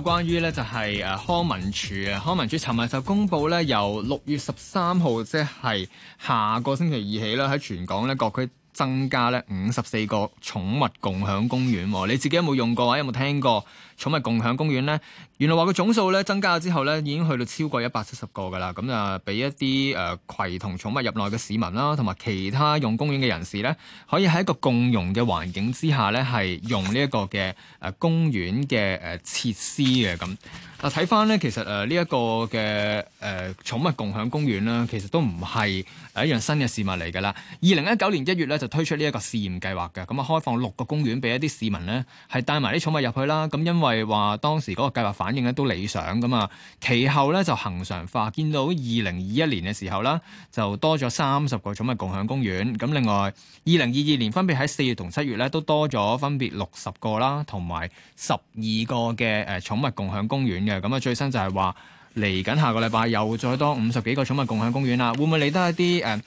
關於咧就係誒康文署啊，康文署尋日就公布咧，由六月十三號即係下個星期二起呢，喺全港咧各區增加咧五十四個寵物共享公園。你自己有冇用過啊？有冇聽過？寵物共享公園呢，原來話個總數咧增加咗之後呢，已經去到超過個了一百七十個㗎啦。咁、呃、啊，俾一啲誒攜同寵物入內嘅市民啦，同埋其他用公園嘅人士呢，可以喺一個共融嘅環境之下呢，係用呢一個嘅誒、呃、公園嘅誒設施嘅咁。嗱，睇翻呢，其實誒呢一個嘅誒寵物共享公園啦，其實都唔係一樣新嘅事物嚟㗎啦。二零一九年一月呢，就推出呢一個試驗計劃嘅，咁啊開放六個公園俾一啲市民呢，係帶埋啲寵物入去啦。咁因為係話當時嗰個計劃反應咧都理想㗎嘛。其後咧就恒常化，見到二零二一年嘅時候啦，就多咗三十個寵物共享公園。咁另外二零二二年分別喺四月同七月咧都多咗分別六十個啦，同埋十二個嘅誒寵物共享公園嘅。咁啊最新就係話嚟緊下個禮拜又再多五十幾個寵物共享公園啦，會唔會嚟得一啲誒？呃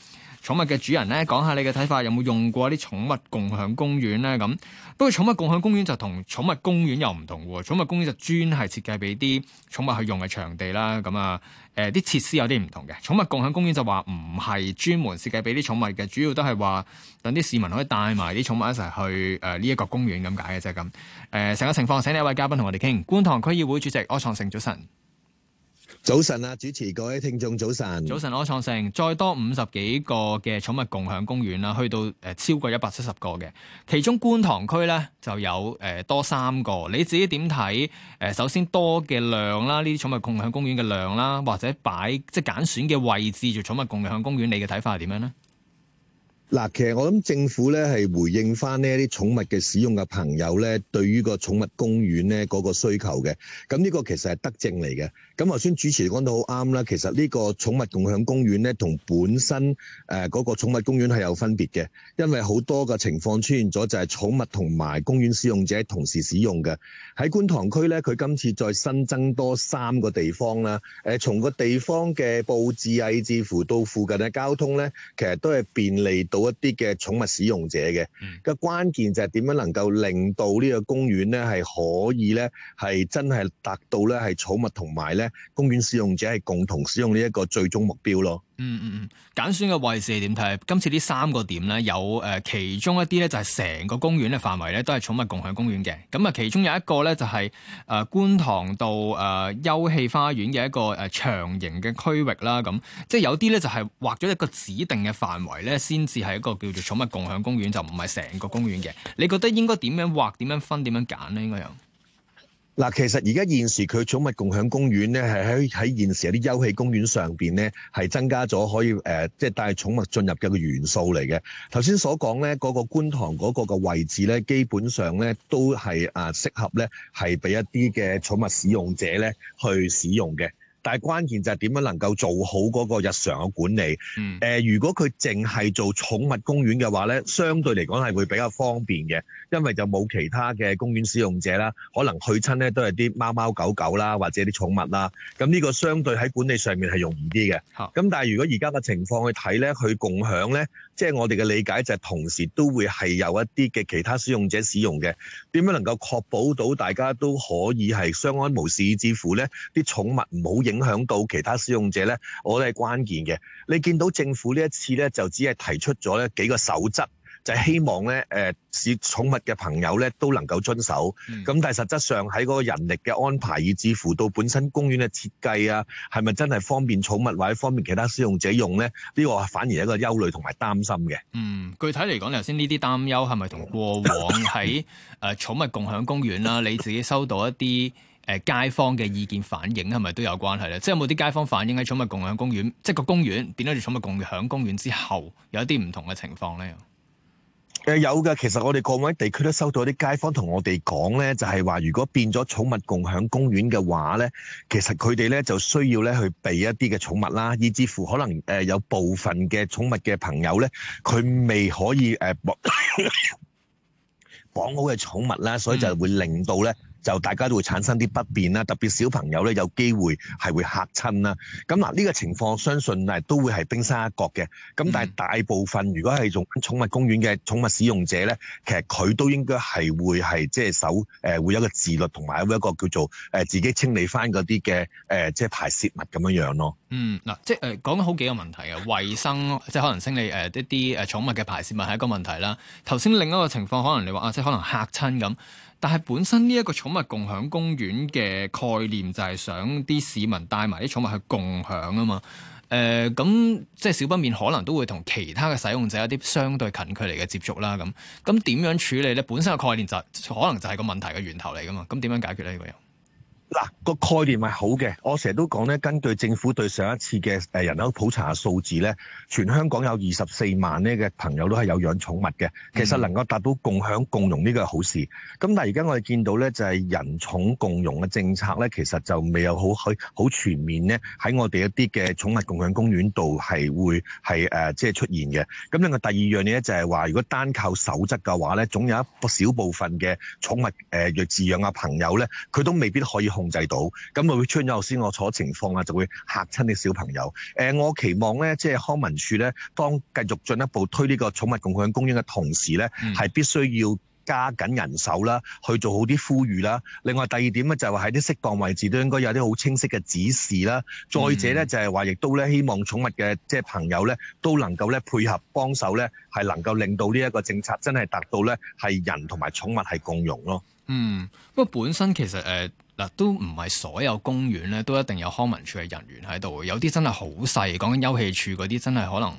寵物嘅主人咧，講下你嘅睇法，有冇用過啲寵物共享公園咧？咁不過寵物共享公園就同寵物公園又唔同喎。寵物公園就專係設計俾啲寵物去用嘅場地啦。咁啊，啲、呃、設施有啲唔同嘅。寵物共享公園就話唔係專門設計俾啲寵物嘅，主要都係話等啲市民可以帶埋啲寵物一齊去呢一、呃呢個公園咁解嘅啫。咁、呃、成個情況，請另一位嘉賓同我哋傾。觀塘區議會主席柯創盛早晨。早晨啊，主持，各位聽眾，早晨。早晨，柯創盛，再多五十幾個嘅寵物共享公園啦，去到誒超過一百七十個嘅，其中觀塘區咧就有誒、呃、多三個。你自己點睇？誒、呃，首先多嘅量啦，呢啲寵物共享公園嘅量啦，或者擺即係揀選嘅位置做寵物共享公園，你嘅睇法係點樣咧？嗱，其實我諗政府咧係回應翻呢啲寵物嘅使用嘅朋友咧，對於個寵物公園咧嗰個需求嘅。咁呢個其實係德政嚟嘅。咁頭先主持講得好啱啦，其實呢個寵物共享公園咧，同本身誒嗰個寵物公園係有分別嘅，因為好多嘅情況出現咗就係寵物同埋公園使用者同時使用嘅。喺觀塘區咧，佢今次再新增多三個地方啦。誒從個地方嘅布置啊，以至乎到附近嘅交通咧，其實都係便利到。一啲嘅寵物使用者嘅，嘅、嗯、嘅關鍵就係點樣能夠令到呢個公園咧係可以咧係真係達到咧係寵物同埋咧公園使用者係共同使用呢一個最終目標咯。嗯嗯嗯，揀選嘅位置你點睇？今次呢三個點咧，有誒其中一啲咧就係成個公園嘅範圍咧都係寵物共享公園嘅。咁啊，其中有一個咧就係、是、誒、呃、觀塘道誒、呃、休憩花園嘅一個誒、呃、長形嘅區域啦。咁即係有啲咧就係畫咗一個指定嘅範圍咧，先至係一個叫做寵物共享公園，就唔係成個公園嘅。你覺得應該點樣畫？點樣分？點樣揀咧？應該有？嗱，其實而家現時佢寵物共享公園咧，係喺喺現時有啲休憩公園上面咧，係增加咗可以誒，即係帶寵物進入嘅個元素嚟嘅。頭先所講咧，嗰個觀塘嗰個嘅位置咧，基本上咧都係啊適合咧，係俾一啲嘅寵物使用者咧去使用嘅。但係關鍵就係點樣能夠做好嗰個日常嘅管理。嗯，誒，如果佢淨係做寵物公園嘅話咧，相對嚟講係會比較方便嘅，因為就冇其他嘅公園使用者啦，可能去親咧都係啲貓貓狗狗啦，或者啲寵物啦。咁呢個相對喺管理上面係容易啲嘅。好，咁但係如果而家嘅情況去睇咧，佢共享咧。即係我哋嘅理解就係同時都會係有一啲嘅其他使用者使用嘅，點樣能夠確保到大家都可以係相安無事至乎呢啲寵物唔好影響到其他使用者呢？我覺得係關鍵嘅。你見到政府呢一次呢，就只係提出咗呢幾個守則。就係希望咧，誒、呃，使寵物嘅朋友咧都能夠遵守。咁，但係實質上喺嗰個人力嘅安排以致，以至乎到本身公園嘅設計啊，係咪真係方便寵物或者方便其他使用者用咧？呢、這個反而係一個憂慮同埋擔心嘅。嗯，具體嚟講，頭先呢啲擔憂係咪同過往喺誒寵物共享公園啦、啊？ 你自己收到一啲誒街坊嘅意見反映，係咪都有關係咧？即係 有冇啲街坊反映喺寵物共享公園，即、就、係、是、個公園變咗做寵物共享公園之後，有一啲唔同嘅情況咧？呃、有㗎，其實我哋各位地區都收到啲街坊同我哋講咧，就係、是、話如果變咗寵物共享公園嘅話咧，其實佢哋咧就需要咧去備一啲嘅寵物啦，以至乎可能、呃、有部分嘅寵物嘅朋友咧，佢未可以誒、呃、 綁好嘅寵物啦，所以就會令到咧。嗯就大家都會產生啲不便啦、啊，特別小朋友咧有機會係會嚇親啦、啊。咁嗱呢個情況相信誒都會係冰山一角嘅。咁但係大部分如果係用寵物公園嘅寵物使用者咧，其實佢都應該係會係即係手誒會有一個自律同埋有一個叫做誒、呃、自己清理翻嗰啲嘅誒即係排泄物咁樣樣咯。嗯，嗱即係誒講緊好幾個問題啊：衞生即係可能清理誒一啲誒寵物嘅排泄物係一個問題啦。頭先另一個情況可能你話啊，即係可能嚇親咁。但係本身呢一個寵物共享公園嘅概念就係想啲市民帶埋啲寵物去共享啊嘛，誒咁即係少不免可能都會同其他嘅使用者有啲相對近距離嘅接觸啦，咁咁點樣處理咧？本身嘅概念就可能就係個問題嘅源頭嚟㗎嘛，咁點樣解決咧？呢個人。嗱個概念係好嘅，我成日都講咧，根據政府對上一次嘅誒人口普查嘅數字咧，全香港有二十四萬呢嘅朋友都係有養寵物嘅。其實能夠達到共享共融呢個係好事，咁但係而家我哋見到咧就係、是、人寵共融嘅政策咧，其實就未有好去好全面咧，喺我哋一啲嘅寵物共享公園度係會係誒即係出現嘅。咁另外第二樣嘢咧就係話如果單靠守則嘅話咧，總有一個小部分嘅寵物誒弱、呃、智養啊朋友咧，佢都未必可以。控制到，咁咪會出現咗頭先我坐情況啊，就會嚇親啲小朋友。誒，我期望咧，即係康文署咧，當繼續進一步推呢個寵物共享公園嘅同時咧，係必須要加緊人手啦，去做好啲呼籲啦。另外第二點咧，就係話喺啲適當位置都應該有啲好清晰嘅指示啦。再者咧，就係話亦都咧，希望寵物嘅即係朋友咧，都能夠咧配合幫手咧，係能夠令到呢一個政策真係達到咧，係人同埋寵物係共融咯。嗯，不過本身其實、呃嗱，都唔係所有公園咧，都一定有康文署嘅人員喺度。有啲真係好細，講緊休憩處嗰啲，真係可能誒、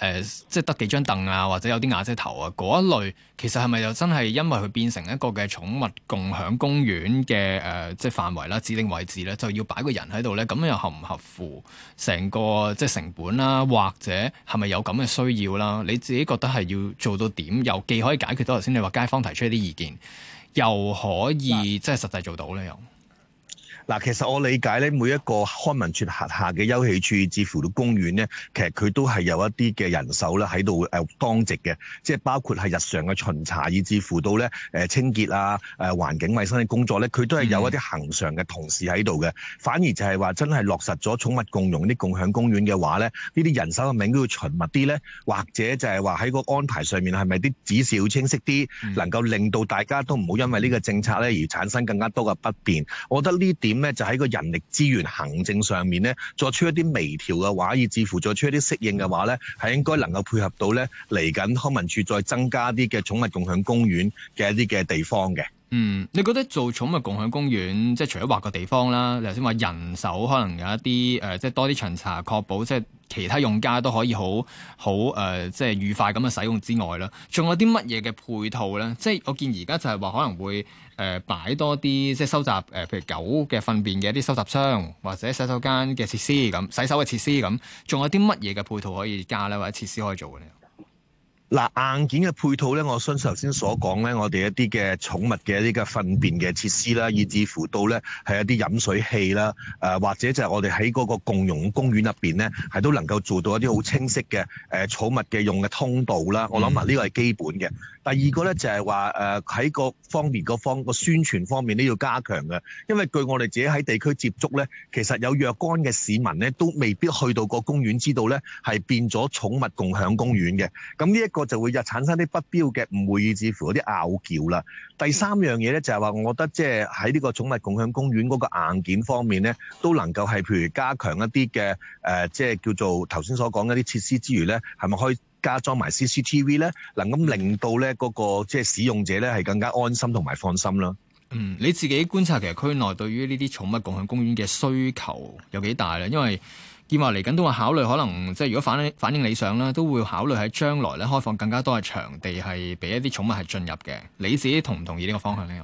呃，即係得幾張凳啊，或者有啲瓦遮頭啊。嗰一類其實係咪又真係因為佢變成一個嘅寵物共享公園嘅誒、呃，即係範圍啦、啊、指定位置咧，就要擺個人喺度咧？咁又合唔合乎成個即係成本啦、啊，或者係咪有咁嘅需要啦、啊？你自己覺得係要做到點，又既可以解決到頭先你話街坊提出一啲意見。又可以即係實際做到咧，又。嗱，其實我理解咧，每一個康文署轄下嘅休憩處，至乎到公園咧，其實佢都係有一啲嘅人手咧喺度誒當值嘅，即係包括係日常嘅巡查，以至乎到咧誒清潔啊、誒環境衛生嘅工作咧，佢都係有一啲恒常嘅同事喺度嘅。嗯、反而就係話真係落實咗寵物共融啲共享公園嘅話咧，是是呢啲人手嘅名都要循密啲咧，或者就係話喺個安排上面係咪啲指示要清晰啲，嗯、能夠令到大家都唔好因為呢個政策咧而產生更加多嘅不便。我覺得呢點。咩就喺個人力資源行政上面咧，作出一啲微調嘅話，以至乎作出一啲適應嘅話咧，係應該能夠配合到咧嚟緊康文署再增加啲嘅寵物共享公園嘅一啲嘅地方嘅。嗯，你覺得做寵物共享公園，即係除咗劃個地方啦，你頭先話人手可能有一啲誒、呃，即係多啲巡查，確保即係其他用家都可以好好誒，即係愉快咁嘅使用之外啦，仲有啲乜嘢嘅配套咧？即係我見而家就係話可能會。誒、呃、擺多啲即係收集誒、呃，譬如狗嘅糞便嘅一啲收集箱，或者洗手間嘅設施咁，洗手嘅設施咁，仲有啲乜嘢嘅配套可以加咧，或者設施可以做嘅咧？嗱，硬件嘅配套咧，我相信頭先所講咧，我哋一啲嘅寵物嘅一啲嘅糞便嘅設施啦，以至乎到咧係一啲飲水器啦，誒、呃、或者就係我哋喺嗰個共用公園入邊咧，係都能夠做到一啲好清晰嘅誒寵物嘅用嘅通道啦。嗯、我諗埋呢個係基本嘅。第二個呢，就係話誒喺各方面個方個宣傳方面都要加強嘅，因為據我哋自己喺地區接觸呢，其實有若干嘅市民呢都未必去到個公園知道呢係變咗寵物共享公園嘅，咁呢一個就會日產生啲不必要嘅誤會，以至乎有啲拗撬啦。第三樣嘢呢，就係話，我覺得即係喺呢個寵物共享公園嗰個硬件方面呢，都能夠係譬如加強一啲嘅誒，即係叫做頭先所講啲設施之餘呢，係咪可以？加裝埋 CCTV 咧，能咁令到咧、那、嗰個即係使用者咧係更加安心同埋放心啦。嗯，你自己觀察，其實區內對於呢啲寵物共享公園嘅需求有幾大咧？因為見話嚟緊都話考慮，可能即係如果反反映理想啦都會考慮喺將來咧開放更加多嘅場地係俾一啲寵物係進入嘅。你自己同唔同意呢個方向呢？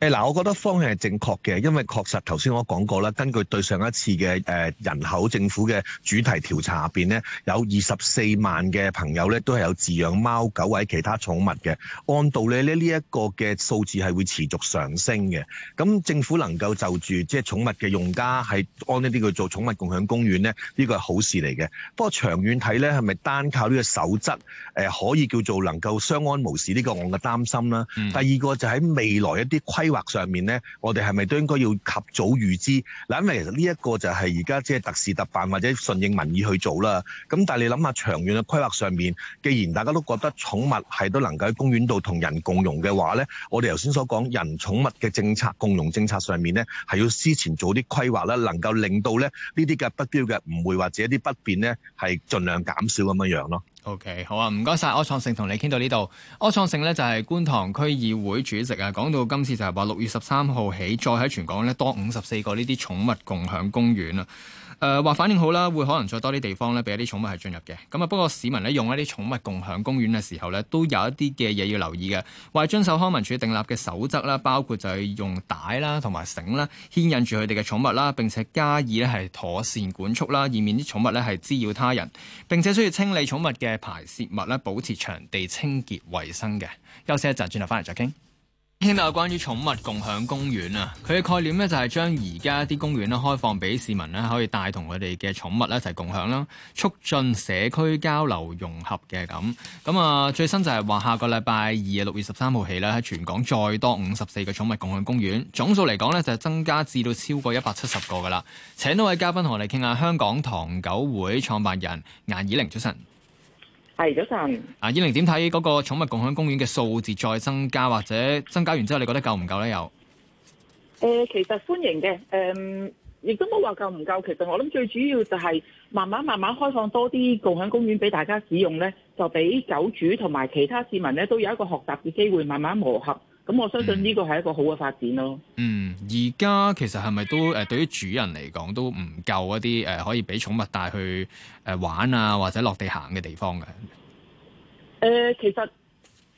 誒嗱，我覺得方向係正確嘅，因為確實頭先我講過啦，根據對上一次嘅誒人口政府嘅主題調查入邊咧，有二十四萬嘅朋友咧都係有飼養貓狗或者其他寵物嘅。按道理咧，呢、這、一個嘅數字係會持續上升嘅。咁政府能夠就住即係寵物嘅用家係安呢啲叫做寵物共享公園咧，呢、這個係好事嚟嘅。不過長遠睇咧，係咪單靠呢個守則誒、呃、可以叫做能夠相安無事呢個我嘅擔心啦。嗯、第二個就喺未來一啲規。規劃上面咧，我哋係咪都應該要及早預知？嗱，因為呢一個就係而家即係特事特辦或者順應民意去做啦。咁但係你諗下長遠嘅規劃上面，既然大家都覺得寵物係都能夠喺公園度同人共融嘅話呢，我哋頭先所講人寵物嘅政策、共融政策上面呢，係要事前做啲規劃啦，能夠令到咧呢啲嘅不標嘅誤會或者啲不便呢，係盡量減少咁樣樣咯。O.K. 好啊，唔該晒。柯創盛同你傾到呢度。柯創盛呢就係觀塘區議會主席啊，講到今次就係話六月十三號起，再喺全港呢多五十四個呢啲寵物共享公園啊。誒話、呃、反應好啦，會可能再多啲地方咧，俾一啲寵物係進入嘅咁啊。不過市民咧用一啲寵物共享公園嘅時候咧，都有一啲嘅嘢要留意嘅，話係遵守康文署訂立嘅守則啦，包括就係用帶啦同埋繩啦牽引住佢哋嘅寵物啦，並且加以咧係妥善管束啦，以免啲寵物咧係滋擾他人。並且需要清理寵物嘅排泄物咧，保持場地清潔衞生嘅。休息一陣，轉頭翻嚟再傾。傾下關於寵物共享公園啊，佢嘅概念呢就係將而家啲公園咧開放俾市民咧可以帶同佢哋嘅寵物一齊共享啦，促進社區交流融合嘅咁。咁啊，最新就係話下個禮拜二啊六月十三號起咧，喺全港再多五十四個寵物共享公園，總數嚟講呢就係增加至到超過一百七十個噶啦。請呢位嘉賓同我哋傾下香港糖狗會創辦人顏以玲早晨。係，早晨。啊，綺苓，點睇嗰個寵物共享公園嘅數字再增加，或者增加完之後，你覺得夠唔夠咧？又誒、呃，其實歡迎嘅，誒、呃，亦都冇話夠唔夠。其實我諗最主要就係慢慢慢慢開放多啲共享公園俾大家使用咧，就俾狗主同埋其他市民咧都有一個學習嘅機會，慢慢磨合。咁我相信呢個係一個好嘅發展咯。嗯，而家其實係咪都誒對於主人嚟講都唔夠一啲誒、呃、可以俾寵物帶去誒、呃、玩啊或者落地行嘅地方嘅？誒、呃，其實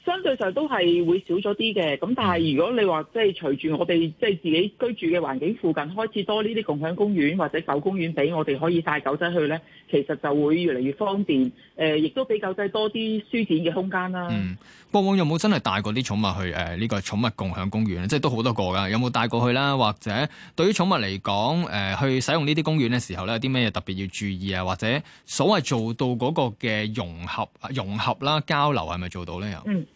相對上都係會少咗啲嘅。咁但係如果你話即係隨住我哋即係自己居住嘅環境附近開始多呢啲共享公園或者狗公園俾我哋可以帶狗仔去咧，其實就會越嚟越方便。誒、呃，亦都俾狗仔多啲舒展嘅空間啦。嗯。過往有冇真係帶過啲寵物去誒呢、呃呢個寵物共享公園即係都好多個㗎，有冇帶過去啦？或者對於寵物嚟講誒，去使用呢啲公園嘅時候呢，有啲咩特別要注意啊？或者所謂做到嗰個嘅融合、融合啦、交流係咪做到呢？又嗯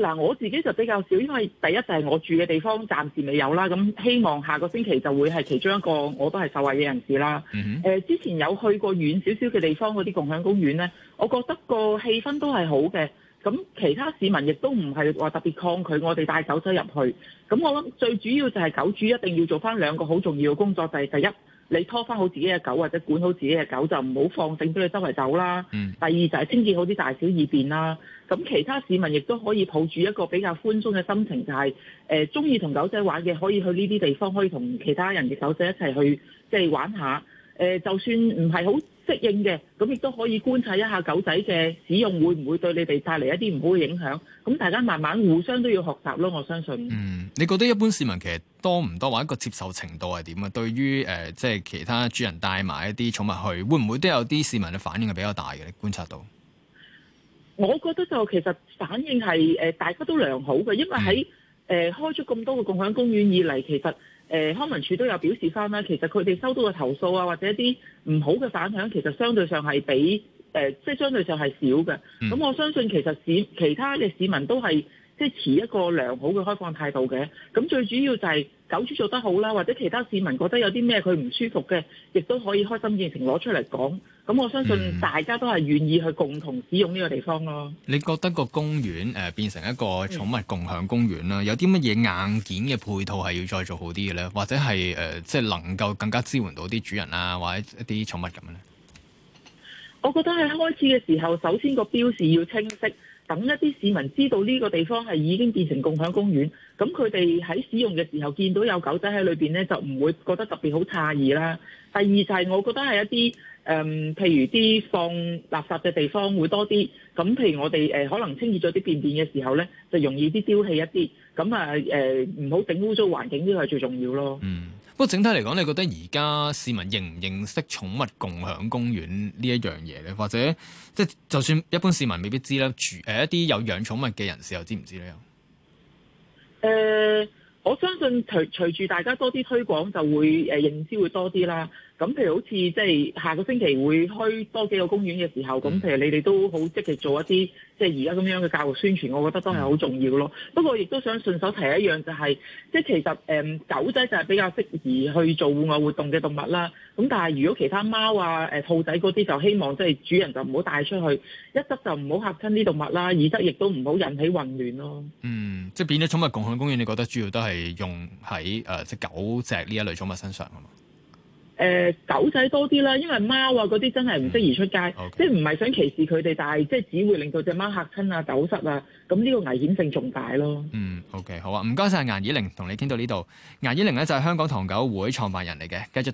嗱、呃，我自己就比較少，因為第一就係我住嘅地方暫時未有啦。咁希望下個星期就會係其中一個我都係受惠嘅人士啦。誒、嗯哼呃，之前有去過遠少少嘅地方嗰啲共享公園呢，我覺得個氣氛都係好嘅。咁其他市民亦都唔係話特別抗拒我哋帶狗仔入去，咁我諗最主要就係狗主一定要做翻兩個好重要嘅工作，就係、是、第一，你拖翻好自己嘅狗或者管好自己嘅狗，就唔好放縱俾佢周圍走啦。嗯、第二就係清潔好啲大小二便啦。咁其他市民亦都可以抱住一個比較寬鬆嘅心情，就係誒中意同狗仔玩嘅，可以去呢啲地方，可以同其他人嘅狗仔一齊去即係、就是、玩下。誒，就算唔係好。適應嘅，咁亦都可以觀察一下狗仔嘅使用會唔會對你哋帶嚟一啲唔好嘅影響。咁大家慢慢互相都要學習咯，我相信。嗯，你覺得一般市民其實多唔多話一個接受程度係點啊？對於誒，即係其他主人帶埋一啲寵物去，會唔會都有啲市民嘅反應係比較大嘅？你觀察到？我覺得就其實反應係誒大家都良好嘅，因為喺誒開咗咁多個共享公園以嚟，其實。誒、呃、康文署都有表示返啦，其實佢哋收到嘅投訴啊，或者一啲唔好嘅反響，其實相對上係比誒即係相對上係少嘅。咁我相信其實市其他嘅市民都係。即係持一個良好嘅開放態度嘅，咁最主要就係狗主做得好啦，或者其他市民覺得有啲咩佢唔舒服嘅，亦都可以開心見誠攞出嚟講。咁我相信大家都係願意去共同使用呢個地方咯、嗯。你覺得個公園誒、呃、變成一個寵物共享公園啦，嗯、有啲乜嘢硬件嘅配套係要再做好啲嘅咧，或者係、呃、即係能夠更加支援到啲主人啊，或者一啲寵物咁樣咧？我覺得喺開始嘅時候，首先個標示要清晰，等一啲市民知道呢個地方係已經變成共享公園，咁佢哋喺使用嘅時候見到有狗仔喺裏面咧，就唔會覺得特別好詫異啦。第二就係我覺得係一啲誒、嗯，譬如啲放垃圾嘅地方會多啲，咁譬如我哋、呃、可能清潔咗啲便便嘅時候咧，就容易啲丟棄一啲，咁啊誒唔好整污糟環境呢個係最重要咯。嗯。不過整體嚟講，你覺得而家市民認唔認識寵物共享公園呢一樣嘢咧？或者即係就算一般市民未必知啦，誒、呃、一啲有養寵物嘅人士又知唔知咧？誒、呃，我相信隨隨住大家多啲推廣，就會誒、啊、認知會多啲啦。咁譬如好似即係下個星期會開多幾個公園嘅時候，咁其實你哋都好積極做一啲即係而家咁樣嘅教育宣傳，我覺得都係好重要咯。嗯、不過亦都想順手提一樣就係即係其實誒、嗯、狗仔就係比較適宜去做戶外活動嘅動物啦。咁但係如果其他貓啊、誒兔仔嗰啲，就希望即係主人就唔好帶出去。一則就唔好嚇親啲動物啦，二則亦都唔好引起混亂咯。嗯，即係變咗寵物共享公園，你覺得主要都係用喺誒、呃、即係狗隻呢一類寵物身上啊？誒、呃、狗仔多啲啦，因為貓啊嗰啲真係唔適宜出街，嗯 okay。即係唔係想歧視佢哋，但係即係只會令到隻貓嚇親啊、走失啊，咁呢個危險性重大咯。嗯，OK，好啊，唔該晒。顏綺苓同你傾到呢度，顏綺苓咧就係香港唐狗會創辦人嚟嘅，繼續。